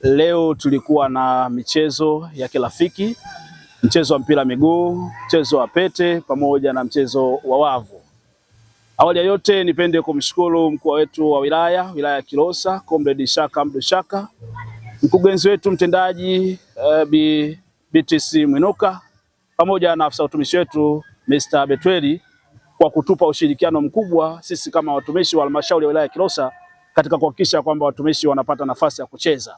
Leo tulikuwa na michezo ya kirafiki, mchezo wa mpira miguu, mchezo wa pete pamoja na mchezo wa wavu. Awali ya yote nipende kumshukuru mkuu wetu wa wilaya wilaya ya Kilosa Comrade Shaka Mdu Shaka, mkurugenzi wetu mtendaji uh, Bi BTC Mwinuka pamoja na afisa utumishi wetu Mr. Betweli kwa kutupa ushirikiano mkubwa sisi kama watumishi wa halmashauri ya wilaya ya Kilosa katika kuhakikisha kwamba watumishi wanapata nafasi ya kucheza.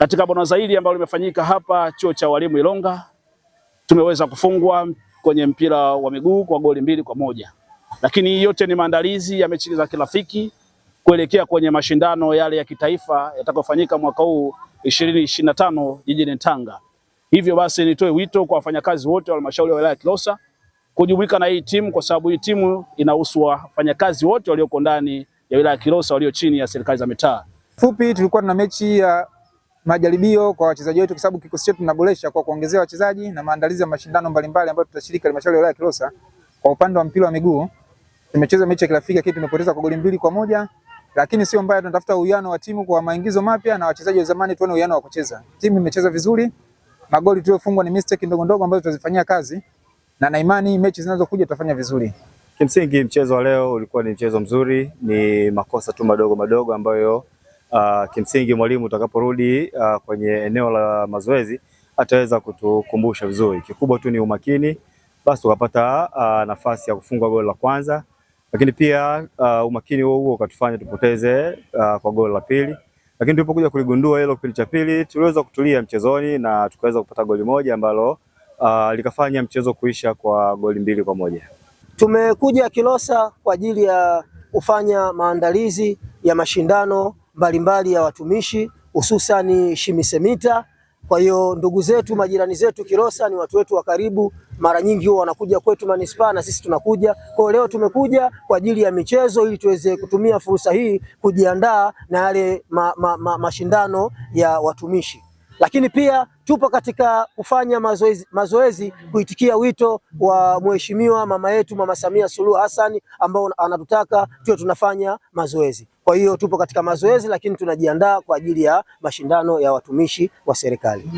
Katika bonanza hili ambalo limefanyika hapa chuo cha walimu Ilonga, tumeweza kufungwa kwenye mpira wa miguu kwa goli mbili kwa moja, lakini yote ni maandalizi ya mechi za kirafiki kuelekea kwenye mashindano yale ya kitaifa yatakayofanyika mwaka huu 2025 jijini Tanga. Hivyo basi, nitoe wito kwa wafanyakazi wote wa halmashauri ya wilaya Kilosa kujumuika na hii timu kwa sababu hii timu inahusu wafanyakazi wote walioko ndani ya wilaya Kilosa walio chini ya serikali za mitaa. Fupi tulikuwa tuna mechi ya majaribio kwa wachezaji wetu, kwa sababu kikosi chetu tunaboresha kwa kuongezea wachezaji na maandalizi ya mashindano mbalimbali ambayo tutashiriki halmashauri ya wilaya ya Kilosa. Kwa upande wa mpira wa miguu tumecheza mechi ya kirafiki kitu tumepoteza kwa goli mbili kwa moja, lakini sio mbaya, tunatafuta uwiano wa timu kwa maingizo mapya na wachezaji wa zamani, tuone uwiano wa kucheza. Timu imecheza vizuri, magoli tuliyofungwa ni mistake ndogo ndogo ambazo tutazifanyia kazi na na imani mechi zinazokuja tutafanya vizuri. Kimsingi mchezo wa leo ulikuwa ni mchezo mzuri, ni makosa tu madogo madogo ambayo uh, kimsingi mwalimu utakaporudi uh, kwenye eneo la mazoezi ataweza kutukumbusha vizuri. Kikubwa tu ni umakini, basi tukapata uh, ah, nafasi ya kufunga goli la kwanza, lakini pia uh, umakini huo huo ukatufanya tupoteze uh, kwa goli la pili, lakini tulipokuja kuligundua hilo kipindi cha pili tuliweza kutulia mchezoni na tukaweza kupata goli moja ambalo uh, likafanya mchezo kuisha kwa goli mbili kwa moja. Tumekuja Kilosa kwa ajili ya kufanya maandalizi ya mashindano mbalimbali ya watumishi hususani Shimisemita. Kwa hiyo ndugu zetu, majirani zetu Kilosa ni watu wetu wa karibu, mara nyingi huwa wanakuja kwetu manispaa na sisi tunakuja. Kwa hiyo leo tumekuja kwa ajili ya michezo ili tuweze kutumia fursa hii kujiandaa na yale ma, ma, ma, mashindano ya watumishi, lakini pia tupo katika kufanya mazoezi, mazoezi kuitikia wito wa mheshimiwa mama yetu Mama Samia Suluhu Hassan ambao anatutaka tuwe tunafanya mazoezi. Kwa hiyo tupo katika mazoezi, lakini tunajiandaa kwa ajili ya mashindano ya watumishi wa serikali.